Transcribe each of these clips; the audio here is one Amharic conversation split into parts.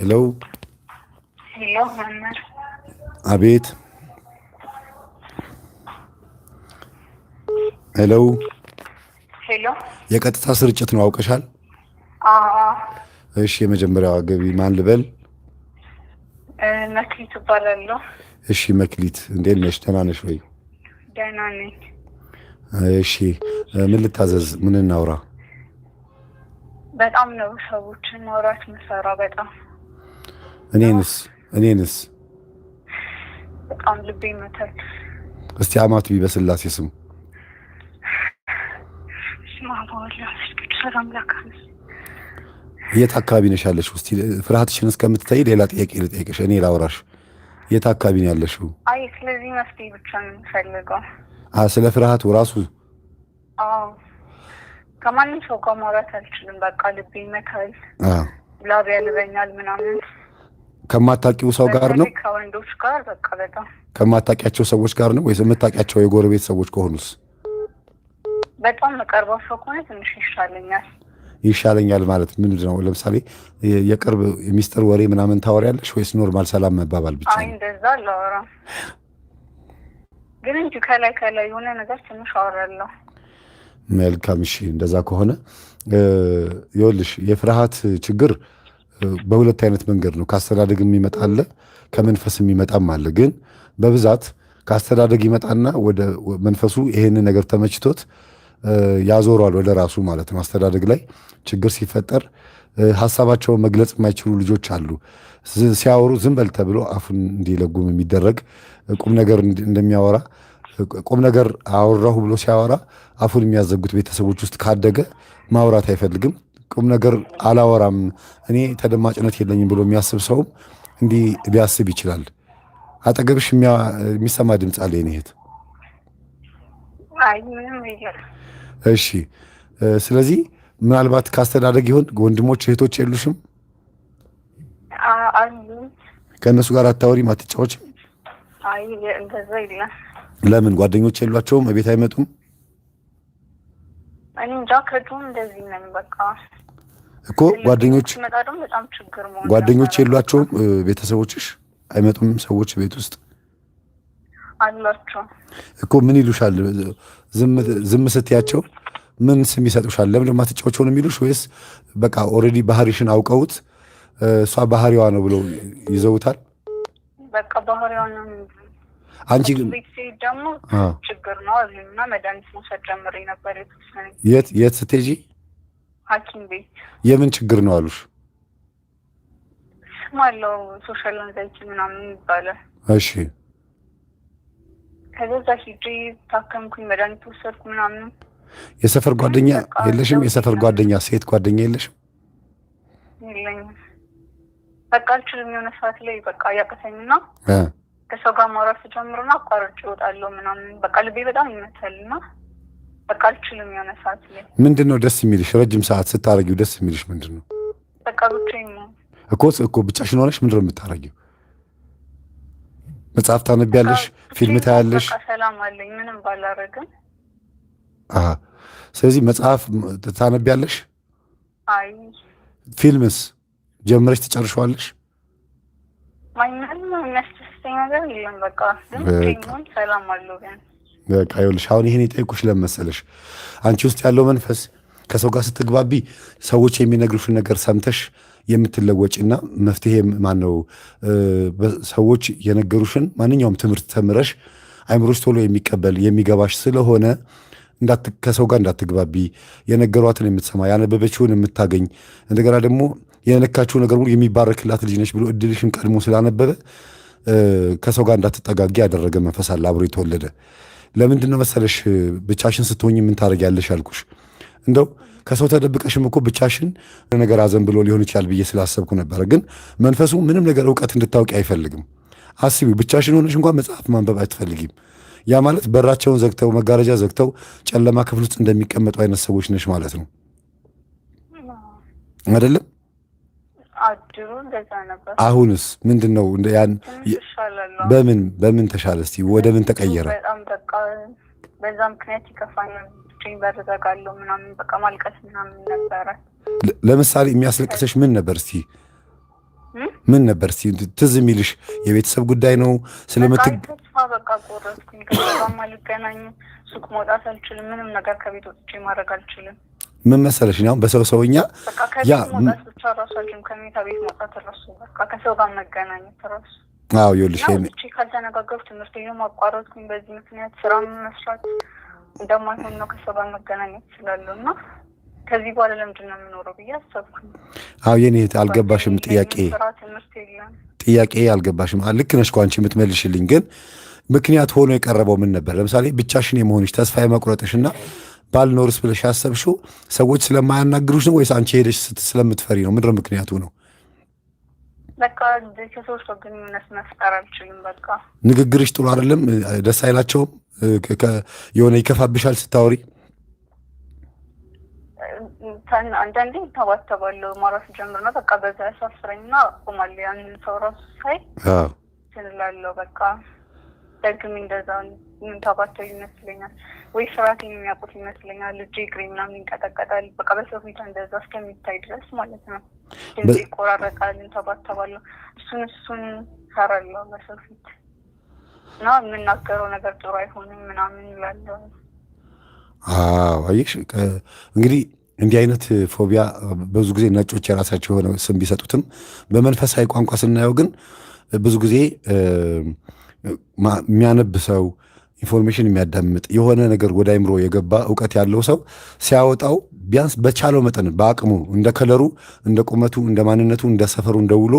ሄሎ አቤት ሄሎ ሄሎ የቀጥታ ስርጭት ነው አውቀሻል እሺ የመጀመሪያዋ ገቢ ማን ልበል መክሊት እባላለሁ እሺ መክሊት እንዴት ነሽ ደህና ነሽ ወይ ደህና ነኝ እሺ ምን ልታዘዝ ምን እናውራ በጣም ነው ሰዎችን ማውራት መሰራ በጣም እኔንስ እኔንስ በጣም ልቤ ይመታል። እስቲ አማት ቢበስላሴ ስሙ የት አካባቢ ነሽ ያለሽ? ውስጥ ፍርሃትሽን እስከምትታይ ሌላ ጥያቄ ልጠይቅሽ። እኔ ላውራሽ የት አካባቢ ነው ያለሽው? አይ ስለዚህ መፍትሄ ብቻ ነው የምፈልገው። ስለ ፍርሃቱ ራሱ። አዎ ከማንም ሰው ጋር ማውራት አልችልም። በቃ ልቤ ይመታል፣ ላብ ያልበኛል ምናምን ከማታውቂው ሰው ጋር ነው? ከወንዶች ጋር በቃ በጣም ከማታውቂያቸው ሰዎች ጋር ነው ወይስ የምታውቂያቸው የጎረቤት ሰዎች ከሆኑስ? በጣም መቀርበው ሰው ከሆነ ትንሽ ይሻለኛል። ይሻለኛል ማለት ምንድን ነው? ለምሳሌ የቅርብ የሚስጥር ወሬ ምናምን ታወሪያለሽ ወይስ ኖርማል ሰላም መባባል ብቻ? አይ እንደዛ አላወራም፣ ግን እንጂ ከላይ ከላይ የሆነ ነገር ትንሽ አወራለሁ። መልካም እሺ፣ እንደዛ ከሆነ ይኸውልሽ የፍርሃት ችግር በሁለት አይነት መንገድ ነው። ከአስተዳደግ የሚመጣ አለ፣ ከመንፈስ የሚመጣም አለ። ግን በብዛት ከአስተዳደግ ይመጣና ወደ መንፈሱ ይሄንን ነገር ተመችቶት ያዞሯል ወደ ራሱ ማለት ነው። አስተዳደግ ላይ ችግር ሲፈጠር ሀሳባቸውን መግለጽ የማይችሉ ልጆች አሉ። ሲያወሩ ዝም በል ተብሎ አፉን እንዲለጉም የሚደረግ ቁም ነገር እንደሚያወራ ቁም ነገር አወራሁ ብሎ ሲያወራ አፉን የሚያዘጉት ቤተሰቦች ውስጥ ካደገ ማውራት አይፈልግም። ቁም ነገር አላወራም እኔ ተደማጭነት የለኝም ብሎ የሚያስብ ሰውም እንዲህ ሊያስብ ይችላል። አጠገብሽ የሚሰማ ድምፅ አለ የኔ እህት። እሺ፣ ስለዚህ ምናልባት ካስተዳደግ ይሆን ወንድሞች እህቶች የሉሽም? ከእነሱ ጋር አታወሪም? አትጫዎችም? ለምን ጓደኞች የሏቸውም? ቤት አይመጡም? እንጃ ከዱም እንደዚህ ነኝ በቃ እኮ ጓደኞች ጓደኞች የሏቸውም። ቤተሰቦችሽ አይመጡም። ሰዎች ቤት ውስጥ አሏቸው እኮ ምን ይሉሻል? ዝም ስትያቸው ምን ስም ይሰጡሻል? ለምን ማትጫዎቸው ነው የሚሉሽ? ወይስ በቃ ኦልሬዲ ባህሪሽን አውቀውት እሷ ባህሪዋ ነው ብለው ይዘውታል? በቃ ባህሪዋ ነው አንቺ ግን ደግሞ ችግር ነው አሉኝና መድኃኒት መውሰድ ጀምሬ ነበር። የት የት ስትሄጂ? ሐኪም ቤት። የምን ችግር ነው አሉሽ? ስም አለው ሶሻል አንዛይቲ ምናምን ይባላል። እሺ። ከዛ ታከምኩኝ፣ መድኃኒት ወሰድኩ ምናምን። የሰፈር ጓደኛ የለሽም? የሰፈር ጓደኛ ሴት ጓደኛ የለሽም? የለኝም። በቃ አልችልም። የሆነ ሰዓት ላይ በቃ ያቀተኝና ከሰው ጋር ማውራት ና አቋርጭ ይወጣለሁ ምናምን በቃ ልቤ በጣም ና በቃ አልችልም። የሆነ ሰዓት ላይ ምንድን ነው ደስ የሚልሽ? ረጅም ሰዓት ስታረጊው ደስ የሚልሽ ምንድን ነው? በቃ ብቻዬን ነው እኮ እኮ ብቻሽን ሆነሽ ምንድን ነው የምታረጊው? መጽሐፍ ታነቢያለሽ፣ ፊልም ታያለሽ። ሰላም አለኝ ምንም ባላረግም። ስለዚህ መጽሐፍ ታነቢያለሽ። አይ ፊልምስ ጀምረሽ ትጨርሸዋለሽ? ማንም በቃ ይኸውልሽ አሁን ይህን የጠየኩሽ ለመሰለሽ አንቺ ውስጥ ያለው መንፈስ ከሰው ጋር ስትግባቢ ሰዎች የሚነግሩሽን ነገር ሰምተሽ የምትለወጭና መፍትሄ ማነው ሰዎች የነገሩሽን ማንኛውም ትምህርት ተምረሽ አይምሮች ቶሎ የሚቀበል የሚገባሽ ስለሆነ ከሰው ጋር እንዳትግባቢ የነገሯትን የምትሰማ ያነበበችውን የምታገኝ እንደገና ደግሞ የነካችው ነገር ሁሉ የሚባረክላት ልጅ ነች ብሎ እድልሽን ቀድሞ ስላነበበ ከሰው ጋር እንዳትጠጋጊ ያደረገ መንፈስ አለ አብሮ የተወለደ። ለምንድን ነው መሰለሽ ብቻሽን ስትሆኝ ምን ታደርጊያለሽ አልኩሽ። እንደው ከሰው ተደብቀሽም እኮ ብቻሽን ነገር አዘን ብሎ ሊሆን ይችላል ብዬ ስላሰብኩ ነበረ። ግን መንፈሱ ምንም ነገር እውቀት እንድታውቂ አይፈልግም። አስቢ፣ ብቻሽን ሆነሽ እንኳን መጽሐፍ ማንበብ አትፈልጊም። ያ ማለት በራቸውን ዘግተው መጋረጃ ዘግተው ጨለማ ክፍል ውስጥ እንደሚቀመጡ አይነት ሰዎች ነሽ ማለት ነው አይደለም? አሁንስ ምንድን ነው? ያን በምን በምን ተሻለ? እስቲ ወደ ምን ተቀየረ? በጣም በቃ በዛ ምክንያት ይከፋኛል፣ ብቻዬን ምናምን በቃ ማልቀስ ምናምን ነበረ። ለምሳሌ የሚያስለቅሰሽ ምን ነበር? እስቲ ምን ነበር እስቲ ትዝ የሚልሽ? የቤተሰብ ጉዳይ ነው ስለምት ተስፋ በቃ ቆረጥኩኝ፣ ከዛም አልገናኝም፣ ሱቅ መውጣት አልችልም፣ ምንም ነገር ከቤት ወጥቼ ማድረግ አልችልም። ምን መሰለሽ ነው በሰው ሰውኛ ያ አዎ ይኸውልሽ ካልተነጋገሩ ትምህርት ማቋረጥኩኝ። በዚህ ምክንያት ስራ መስራት እንደማይሆን ነው ከሰው ጋር መገናኘት ስላለሁ እና ከዚህ በኋላ ለምንድን ነው የምኖረው ብዬ አሰብኩኝ። አዎ የኔ አልገባሽም ጥያቄ ጥያቄ አልገባሽም። ልክ ነሽ እኮ አንቺ የምትመልሽልኝ፣ ግን ምክንያት ሆኖ የቀረበው ምን ነበር? ለምሳሌ ብቻሽን የመሆንሽ ተስፋ የመቁረጥሽ እና ባልኖርስ ብለሽ ያሰብሽው ሰዎች ስለማያናግሩሽ ነው ወይስ አንቺ ሄደሽ ስለምትፈሪ ነው? ምድር ምክንያቱ ነው? በቃ ግንኙነት መፍጠር በቃ ንግግርሽ ጥሩ አይደለም፣ ደስ አይላቸውም። የሆነ ይከፋብሻል ስታወሪ። አንዳንዴ ማራስ ጀምር ነው በቃ በዛ ያሳፍረኝና ቁማል ያንን ሰው ራሱ ሳይ ትንላለሁ በቃ ደግም እንደዛ የምንታባቸው ይመስለኛል ወይ ስራት የሚያውቁት ይመስለኛል። እጅ እግሬ ምናምን ይንቀጠቀጣል። በቃ በሰው ፊት እንደዛ እስከሚታይ ድረስ ማለት ነው። ድምፅ ይቆራረጣል፣ እንተባተባለሁ። እሱን እሱን ሰራለሁ በሰው ፊት እና የምናገረው ነገር ጥሩ አይሆንም ምናምን ይላለው። አየሽ፣ እንግዲህ እንዲህ አይነት ፎቢያ ብዙ ጊዜ ነጮች የራሳቸው የሆነ ስም ቢሰጡትም በመንፈሳዊ ቋንቋ ስናየው ግን ብዙ ጊዜ የሚያነብ ሰው ኢንፎርሜሽን የሚያዳምጥ የሆነ ነገር ወደ አይምሮ የገባ እውቀት ያለው ሰው ሲያወጣው ቢያንስ በቻለው መጠን በአቅሙ እንደ ከለሩ፣ እንደ ቁመቱ፣ እንደ ማንነቱ፣ እንደ ሰፈሩ፣ እንደ ውሎ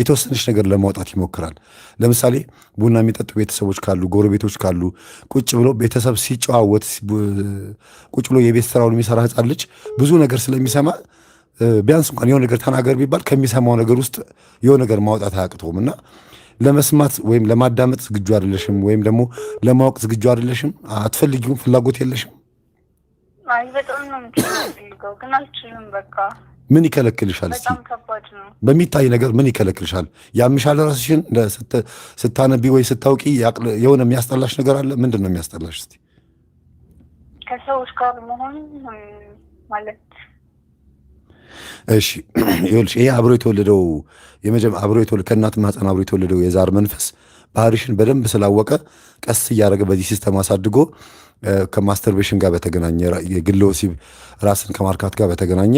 የተወሰነች ነገር ለማውጣት ይሞክራል። ለምሳሌ ቡና የሚጠጡ ቤተሰቦች ካሉ፣ ጎረቤቶች ካሉ ቁጭ ብሎ ቤተሰብ ሲጨዋወት ቁጭ ብሎ የቤት ስራውን የሚሰራ ህፃን ልጅ ብዙ ነገር ስለሚሰማ ቢያንስ እንኳን የሆነ ነገር ተናገር ቢባል ከሚሰማው ነገር ውስጥ የሆነ ነገር ማውጣት አያቅተውም እና ለመስማት ወይም ለማዳመጥ ዝግጁ አይደለሽም፣ ወይም ደግሞ ለማወቅ ዝግጁ አይደለሽም፣ አትፈልጊውም፣ ፍላጎት የለሽም። አይ በጣም ነው ግን አልችልም። በቃ ምን ይከለክልሻል? እስኪ በሚታይ ነገር ምን ይከለክልሻል? ያምሻል? ራስሽን ስታነቢ ወይ ስታውቂ የሆነ የሚያስጠላሽ ነገር አለ? ምንድን ነው የሚያስጠላሽ? እስኪ ከሰዎች ጋር መሆን ማለት እሺ ይኸውልሽ ይሄ አብሮ የተወለደው የመጀመ አብሮ የተወለደ ከእናት ማህፀን አብሮ የተወለደው የዛር መንፈስ ባህሪሽን በደንብ ስላወቀ ቀስ እያደረገ በዚህ ሲስተም አሳድጎ ከማስተርቤሽን ጋር በተገናኘ የግለ ወሲብ ራስን ከማርካት ጋር በተገናኘ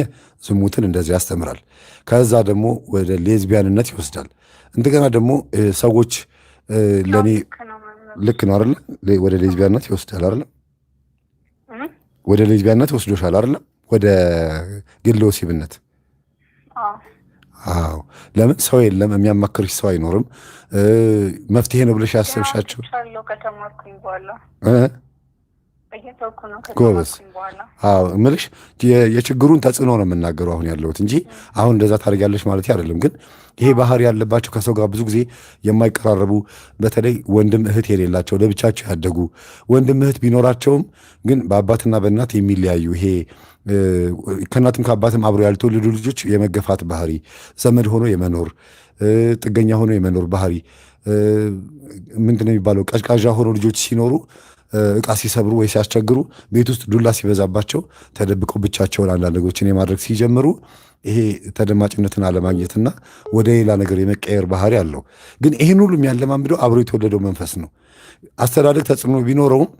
ዝሙትን እንደዚህ ያስተምራል። ከዛ ደግሞ ወደ ሌዝቢያንነት ይወስዳል። እንደገና ደግሞ ሰዎች ለእኔ ልክ ነው አይደለ? ወደ ሌዝቢያንነት ይወስዳል አይደለ? ወደ ሌዝቢያንነት ይወስዶሻል አይደለም? ወደ ግል ወሲብነት። አዎ ለምን ሰው የለም፣ የሚያማክርሽ ሰው አይኖርም። መፍትሄ ነው ብለሽ ያሰብሻቸው ጎበዝ አዎ እምልሽ የችግሩን ተጽዕኖ ነው የምናገሩ አሁን ያለሁት እንጂ አሁን እንደዛ ታደርጊያለሽ ማለት አይደለም ግን ይሄ ባህሪ ያለባቸው ከሰው ጋር ብዙ ጊዜ የማይቀራረቡ በተለይ ወንድም እህት የሌላቸው ለብቻቸው ያደጉ ወንድም እህት ቢኖራቸውም ግን በአባትና በእናት የሚለያዩ ይሄ ከእናትም ከአባትም አብሮ ያልተወለዱ ልጆች የመገፋት ባህሪ፣ ዘመድ ሆኖ የመኖር ጥገኛ ሆኖ የመኖር ባህሪ ምንድነው የሚባለው ቀዥቃዣ ሆኖ ልጆች ሲኖሩ እቃ ሲሰብሩ ወይ ሲያስቸግሩ፣ ቤት ውስጥ ዱላ ሲበዛባቸው ተደብቀው ብቻቸውን አንዳንድ ነገሮችን የማድረግ ሲጀምሩ ይሄ ተደማጭነትን አለማግኘትና ወደ ሌላ ነገር የመቀየር ባህሪ አለው። ግን ይህን ሁሉ የሚያለማምደው አብሮ የተወለደው መንፈስ ነው። አስተዳደግ ተጽዕኖ ቢኖረውም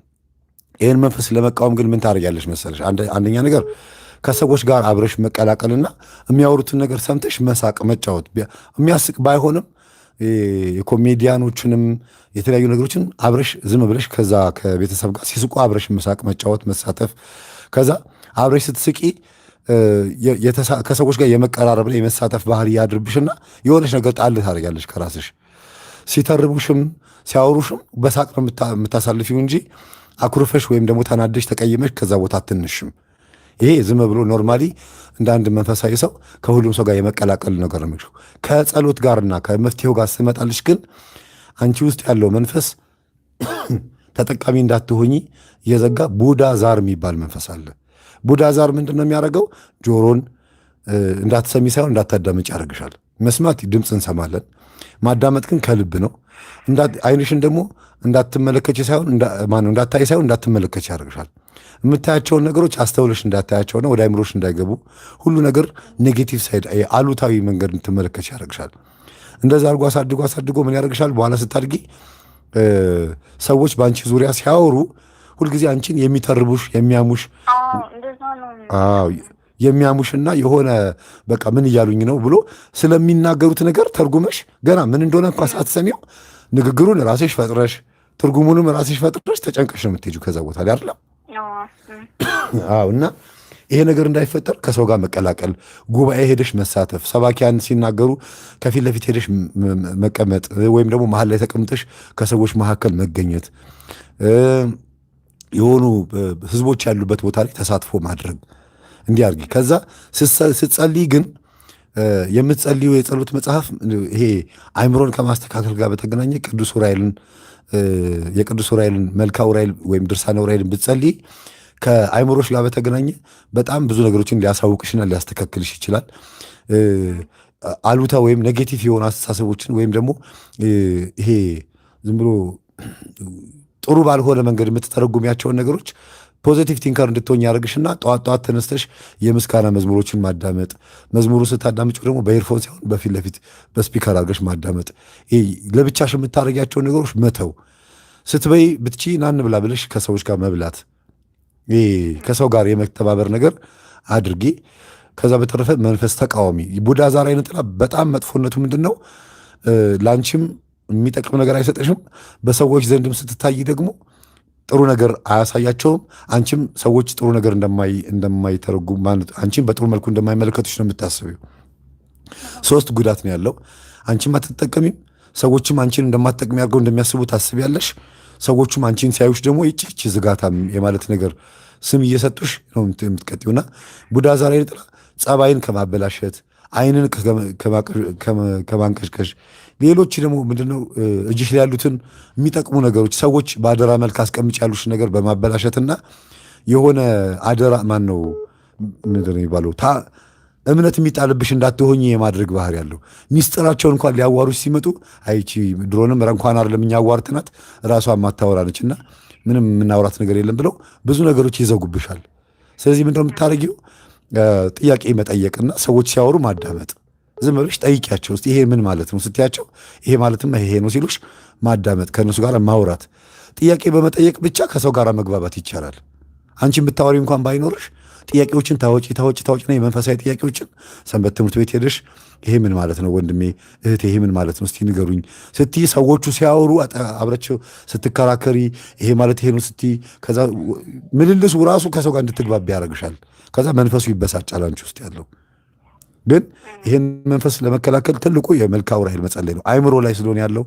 ይህን መንፈስ ለመቃወም ግን ምን ታደርጊያለሽ መሰለሽ? አንደኛ ነገር ከሰዎች ጋር አብረሽ መቀላቀልና የሚያወሩትን ነገር ሰምተሽ መሳቅ፣ መጫወት የሚያስቅ ባይሆንም የኮሜዲያኖችንም የተለያዩ ነገሮችን አብረሽ ዝም ብለሽ ከዛ ከቤተሰብ ጋር ሲስቁ አብረሽ መሳቅ፣ መጫወት፣ መሳተፍ ከዛ አብረሽ ስትስቂ ከሰዎች ጋር የመቀራረብና የመሳተፍ ባህሪ ያድርብሽና የሆነች ነገር ጣል ታደርጊያለሽ ከራስሽ። ሲተርቡሽም ሲያወሩሽም በሳቅ ነው የምታሳልፊው እንጂ አኩርፈሽ ወይም ደግሞ ተናደሽ ተቀይመሽ ከዛ ቦታ አትንሽም። ይሄ ዝም ብሎ ኖርማሊ እንደ አንድ መንፈሳዊ ሰው ከሁሉም ሰው ጋር የመቀላቀል ነገር ነው። ከጸሎት ጋርና ከመፍትሄው ጋር ስመጣልሽ ግን አንቺ ውስጥ ያለው መንፈስ ተጠቃሚ እንዳትሆኝ እየዘጋ ቡዳ ዛር የሚባል መንፈስ አለ። ቡዳ ዛር ምንድን ነው የሚያደርገው? ጆሮን እንዳትሰሚ ሳይሆን እንዳታዳምጭ ያደርግሻል። መስማት ድምፅ እንሰማለን፣ ማዳመጥ ግን ከልብ ነው። አይንሽን ደግሞ እንዳትመለከች ሳይሆን እንዳታይ ሳይሆን እንዳትመለከች ያደርግሻል። የምታያቸውን ነገሮች አስተውለሽ እንዳታያቸው ነው፣ ወደ አይምሮሽ እንዳይገቡ። ሁሉ ነገር ኔጌቲቭ ሳይድ፣ አሉታዊ መንገድ እንትመለከት ያደርግሻል። እንደዛ አድርጎ አሳድጎ አሳድጎ ምን ያደርግሻል? በኋላ ስታድጊ ሰዎች በአንቺ ዙሪያ ሲያወሩ ሁልጊዜ አንቺን የሚተርቡሽ የሚያሙሽ የሚያሙሽና የሆነ በቃ ምን እያሉኝ ነው ብሎ ስለሚናገሩት ነገር ተርጉመሽ ገና ምን እንደሆነ እንኳ ሳትሰሚው ንግግሩን ራሴሽ ፈጥረሽ ትርጉሙንም ራሴሽ ፈጥረሽ ተጨንቀሽ ነው የምትሄጂው ከዛ ቦታ ላይ አይደለም። አዎ እና ይሄ ነገር እንዳይፈጠር ከሰው ጋር መቀላቀል፣ ጉባኤ ሄደሽ መሳተፍ፣ ሰባኪያን ሲናገሩ ከፊት ለፊት ሄደሽ መቀመጥ ወይም ደግሞ መሀል ላይ ተቀምጠሽ ከሰዎች መካከል መገኘት፣ የሆኑ ህዝቦች ያሉበት ቦታ ላይ ተሳትፎ ማድረግ እንዲህ አድርጊ። ከዛ ስትጸልይ ግን የምትጸልዩ የጸሎት መጽሐፍ ይሄ አይምሮን ከማስተካከል ጋር በተገናኘ ቅዱስ ዑራኤልን የቅዱስ ዑራኤልን መልካ ዑራኤል ወይም ድርሳነ ዑራኤልን ብትጸልይ ከአይምሮች ጋር በተገናኘ በጣም ብዙ ነገሮችን ሊያሳውቅሽና ሊያስተካክልሽ ይችላል። አሉታ ወይም ኔጌቲቭ የሆኑ አስተሳሰቦችን ወይም ደግሞ ይሄ ዝም ብሎ ጥሩ ባልሆነ መንገድ የምትተረጉሚያቸውን ነገሮች ፖዚቲቭ ቲንከር እንድትሆኝ ያደርግሽና ጠዋት ጠዋት ተነስተሽ የምስጋና መዝሙሮችን ማዳመጥ፣ መዝሙሩ ስታዳምጭ ደግሞ በኤርፎን ሳይሆን በፊት ለፊት በስፒከር አድርገሽ ማዳመጥ፣ ለብቻሽ የምታደርጊያቸውን ነገሮች መተው፣ ስትበይ ብትቺ ናን ብላ ብለሽ ከሰዎች ጋር መብላት፣ ከሰው ጋር የመተባበር ነገር አድርጌ ከዛ በተረፈ መንፈስ ተቃዋሚ ቡዳ ዛር አይነት በጣም መጥፎነቱ ምንድን ነው? ለአንቺም የሚጠቅም ነገር አይሰጠሽም። በሰዎች ዘንድም ስትታይ ደግሞ ጥሩ ነገር አያሳያቸውም። አንቺም ሰዎች ጥሩ ነገር እንደማይተረጉ አንቺም በጥሩ መልኩ እንደማይመለከቱች ነው የምታስበው። ሶስት ጉዳት ነው ያለው። አንቺም አትጠቀሚም፣ ሰዎችም አንቺን እንደማትጠቅሚ አድርገው እንደሚያስቡ ታስቢያለሽ። ሰዎቹም አንቺን ሲያዩሽ ደግሞ ይጭች ዝጋታ የማለት ነገር ስም እየሰጡሽ ነው የምትቀጥዩና ቡዳ ዛሬ ጥላ ጸባይን ከማበላሸት አይንን ከማንቀሽቀሽ ሌሎች ደግሞ ምንድነው እጅሽ ላይ ያሉትን የሚጠቅሙ ነገሮች ሰዎች በአደራ መልክ አስቀምጭ ያሉሽ ነገር በማበላሸትና የሆነ አደራ ማን ነው ምንድነው የሚባለው እምነት የሚጣልብሽ እንዳትሆኝ የማድረግ ባህር ያለው ሚስጥራቸው እንኳን ሊያዋሩ ሲመጡ አይቺ ድሮንም እንኳን አይደለም እኛ አዋርትናት ራሷ ማታወራ እና ምንም የምናውራት ነገር የለም ብለው ብዙ ነገሮች ይዘጉብሻል። ስለዚህ ምንድነው የምታደርጊው? ጥያቄ መጠየቅና ሰዎች ሲያወሩ ማዳመጥ ዝም ብለሽ ጠይቂያቸው ውስጥ ይሄ ምን ማለት ነው ስትያቸው ይሄ ማለትም ይሄ ነው ሲሉሽ ማዳመጥ፣ ከእነሱ ጋር ማውራት፣ ጥያቄ በመጠየቅ ብቻ ከሰው ጋር መግባባት ይቻላል። አንቺ ብታወሪ እንኳን ባይኖርሽ ጥያቄዎችን ታወጪ ታወጪ ታወጪና የመንፈሳዊ ጥያቄዎችን ሰንበት ትምህርት ቤት ሄደሽ ይሄ ምን ማለት ነው ወንድሜ እህት ይሄ ምን ማለት ነው እስቲ ንገሩኝ ስቲ ሰዎቹ ሲያወሩ አብረቸው ስትከራከሪ ይሄ ማለት ይሄ ነው ስቲ ከዛ ምልልሱ ራሱ ከሰው ጋር እንድትግባቢ ያደርግሻል። ከዛ መንፈሱ ይበሳጫል አንቺ ውስጥ ያለው ግን ይህን መንፈስ ለመከላከል ትልቁ የመልካ ዑራኤል መጸለይ ነው። አይምሮ ላይ ስለሆነ ያለው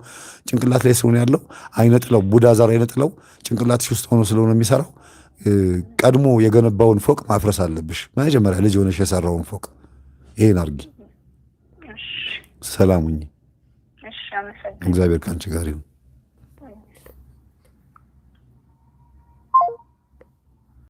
ጭንቅላት ላይ ስለሆነ ያለው አይነጥለው፣ ዛር አይነጥለው። ጭንቅላትሽ ውስጥ ሆኖ ስለሆነ የሚሰራው ቀድሞ የገነባውን ፎቅ ማፍረስ አለብሽ። መጀመሪያ ልጅ ሆነሽ የሰራውን ፎቅ ይህን አርጊ። ሰላሙኝ። እግዚአብሔር ከአንቺ ጋር ይሁን።